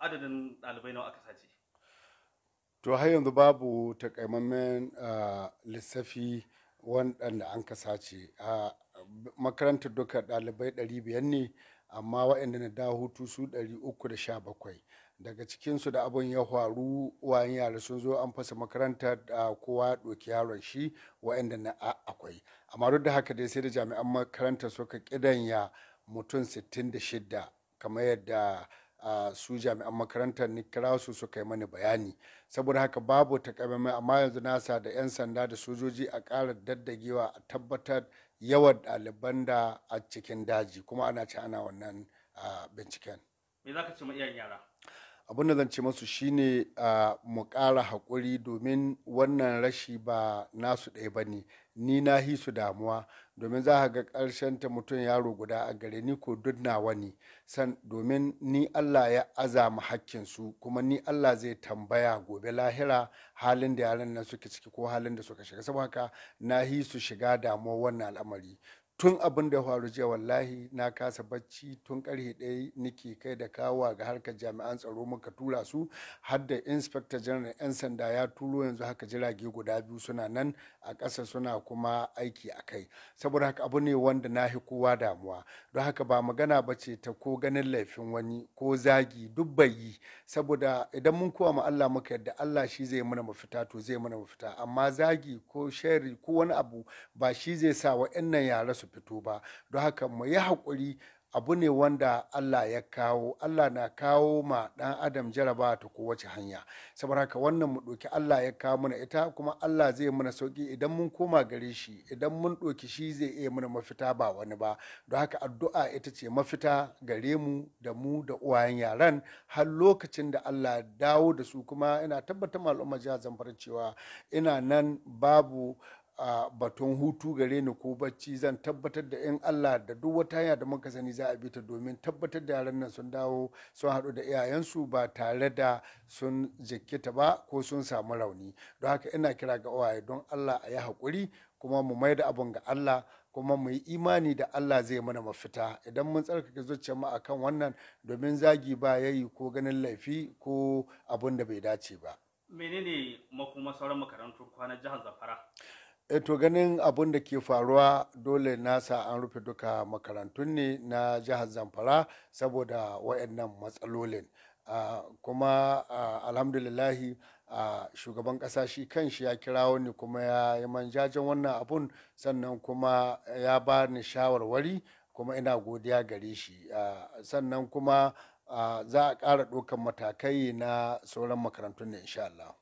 adadin ɗalibai To har yanzu babu takaimammen ah, lissafi waɗanda an ka sace. A makarantar duka ɗalibai ɗari biyar ne amma waɗanda na da hutu su ɗari uku da sha bakwai. Daga cikinsu da abin ya faru wayan yara sun zo an fasa makaranta da kowa ɗoki yaron shi waɗanda na akwai. Amma duk da haka dai sai da jami'an makaranta suka ƙidanya mutum 66 kamar yadda su jami'an makarantar ni su suka yi mani bayani saboda haka babu takamaimai amma yanzu nasa da 'yan sanda da sojoji a ƙara daddagewa a tabbatar yawan ɗaliban da a cikin daji kuma ana ci ana wannan binciken me za ka ce ma iyayen yara abin da zan ce masu shine mu ƙara haƙuri domin wannan rashi ba nasu ɗaya ba ne ni na hisu damuwa domin za ga ƙarshen ta mutum yaro guda a gare ni ko duk nawa ne san domin ni Allah ya azama hakkin su kuma ni Allah zai tambaya gobe lahira halin da yaran nan suke ciki ko halin da suka shiga saboda haka na hi su shiga damuwa wannan al'amari tun abin da ya faru jiya wallahi na kasa bacci tun karhe ɗaya nike kai da kawa ga harkar jami'an tsaro muka tura su har da inspector general 'yan sanda ya turo yanzu haka jirage guda biyu suna nan a ƙasa suna kuma aiki a kai saboda haka abu ne wanda na kowa damuwa don haka ba magana ba ce ta ko ganin laifin wani ko zagi duk bai yi saboda idan mun kowa ma Allah muka yadda Allah shi zai mana mafita to zai mana mafita amma zagi ko shari ko wani abu ba shi zai sa wa'annan yara su fito ba don haka mu yi haƙuri abu ne wanda Allah ya kawo Allah na kawo ma ɗan adam jaraba ta kowace hanya saboda haka wannan mu ɗauki Allah ya kawo mana ita kuma Allah zai mana sauki idan mun koma gare shi idan mun ɗauki shi zai iya mana mafita ba wani ba don haka addu'a ita ce mafita gare mu da mu da uwayen yaran har lokacin da Allah dawo da su kuma ina tabbatar ma al'umma jihar Zamfara cewa ina nan babu a batun hutu gare ni ko bacci zan tabbatar da in Allah da duk wata hanya da muka sani za a bi ta domin tabbatar da yaran nan sun dawo sun haɗu da iyayensu ba tare da sun jikkita ba ko sun samu rauni don haka ina kira ga uwaye don Allah a yi haƙuri kuma mu mai da abun ga Allah kuma mu yi imani da Allah zai mana mafita idan mun tsarkake zuciyar mu akan wannan domin zagi ba yayi ko ganin laifi ko abun da bai dace ba menene makoma sauran makarantu kwana jihar zafara. Eh, to ganin abun da ke faruwa dole nasa an rufe duka makarantun ne na jihar zamfara saboda waɗannan matsalolin ah, kuma ah, alhamdulillahi ah, shugaban ƙasa shi kan shi ya kira wani kuma ya yi manjajen wannan abun sannan kuma ya ba ni shawarwari kuma ina godiya gare shi sannan kuma za a ƙara ɗaukan matakai na sauran makarantun ne insha Allah.